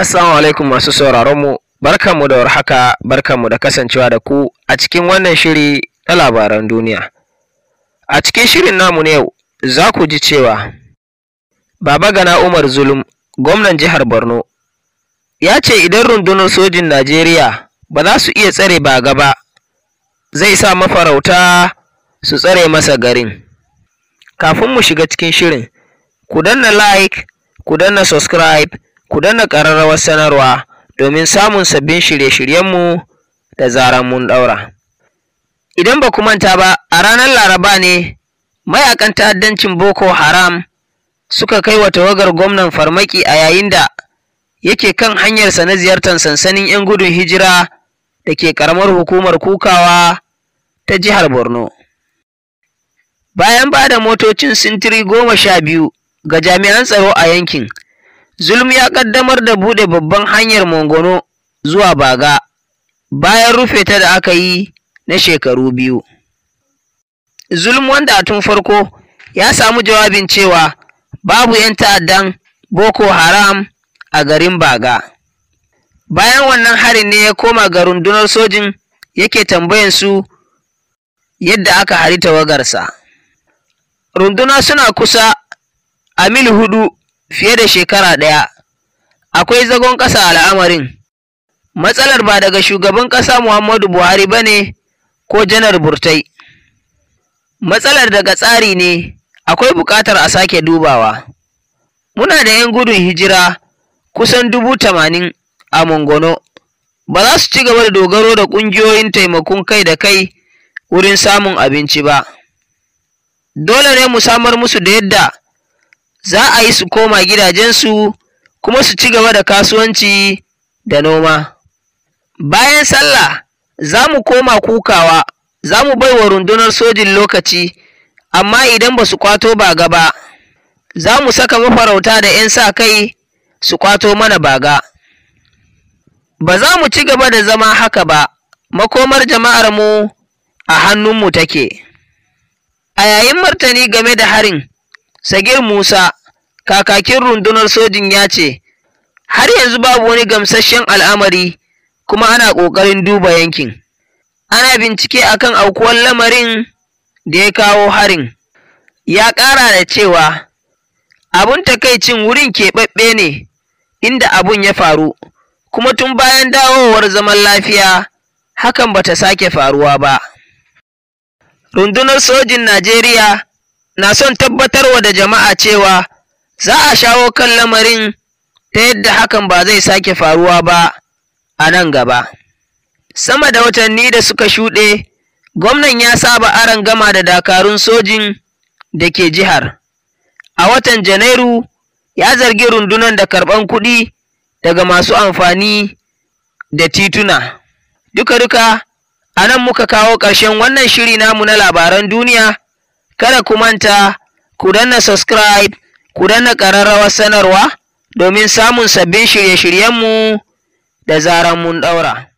Assalamu alaikum masu sauraron mu barkanmu da warhaka barkanmu da kasancewa da ku a cikin wannan shiri na labaran duniya. A cikin shirin namu ne yau za ku ji cewa Baba Gana Umar Zulum gwamnan jihar Borno ya ce idan rundunar sojin Najeriya ba za su iya tsare ba gaba zai sa mafarauta su tsare masa garin. Kafin mu shiga cikin shirin, ku danna like, ku danna subscribe ku danna ƙararrawar sanarwa domin samun sabbin shirye-shiryenmu da zarar mun ɗaura. Idan ba ku manta ba, a ranar Laraba ne mayakan ta'addancin Boko Haram suka kai wa tawagar gwamnan farmaki a yayin da yake kan hanyarsa na ziyartar sansanin 'yan gudun hijira da ke ƙaramar hukumar kukawa ta jihar Borno. Bayan ba da motocin sintiri goma sha biyu ga jami'an tsaro a yankin, Zulum ya ƙaddamar da buɗe babban hanyar Mongono zuwa Baga bayan rufe ta da aka yi na shekaru biyu. Zulum wanda a tun farko ya samu jawabin cewa babu 'yan ta'addan Boko Haram a garin Baga. Bayan wannan harin ne ya koma ga rundunar sojin yake tambayan su yadda aka hari tawagarsa. Runduna suna kusa a mil hudu fiye da shekara ɗaya. Akwai zagon ƙasa a al'amarin. Matsalar ba daga shugaban ƙasa Muhammadu Buhari ba ne ko janar Burtai. Matsalar daga tsari ne akwai buƙatar a sake dubawa. Muna da 'yan gudun hijira kusan dubu tamanin a Mongono. Ba za su ci gaba da dogaro da ƙungiyoyin taimakon kai da kai wurin samun abinci ba. Dole ne mu samar musu da yadda za a yi su koma gidajensu kuma su ci gaba da kasuwanci da noma. Bayan sallah za mu koma kukawa, za mu bai wa rundunar sojin lokaci, amma idan ba su kwato ba gaba, za mu saka mafarauta da ‘yan sa kai su kwato mana baga. Ba za mu ci gaba da zama haka ba, makomar jama'armu a hannunmu take. A yayin martani game da harin, Sagir Musa, kakakin rundunar sojin ya ce, har yanzu babu wani gamsasshen al'amari kuma ana ƙoƙarin duba yankin. Ana bincike a kan aukuwar lamarin da ya kawo harin. Ya ƙara da cewa, abun takaicin wurin keɓaɓɓe ne inda abun ya faru, kuma tun bayan dawowar zaman lafiya hakan bata sake faruwa ba. Rundunar sojin Najeriya na son tabbatarwa da jama'a cewa za a shawo kan lamarin ta yadda hakan ba zai sake faruwa ba a nan gaba. Sama da watanni da suka shuɗe, gwamnan ya saba aron gama da dakarun sojin da ke jihar. A watan Janairu ya zargi rundunar da karɓan kuɗi daga masu amfani da tituna. Duka-duka, a nan muka kawo ƙarshen wannan shiri namu na labaran duniya. kada ku manta ku danna subscribe ku danna ƙararrawar sanarwa domin samun sabbin shirye-shiryenmu da zaran mun ɗaura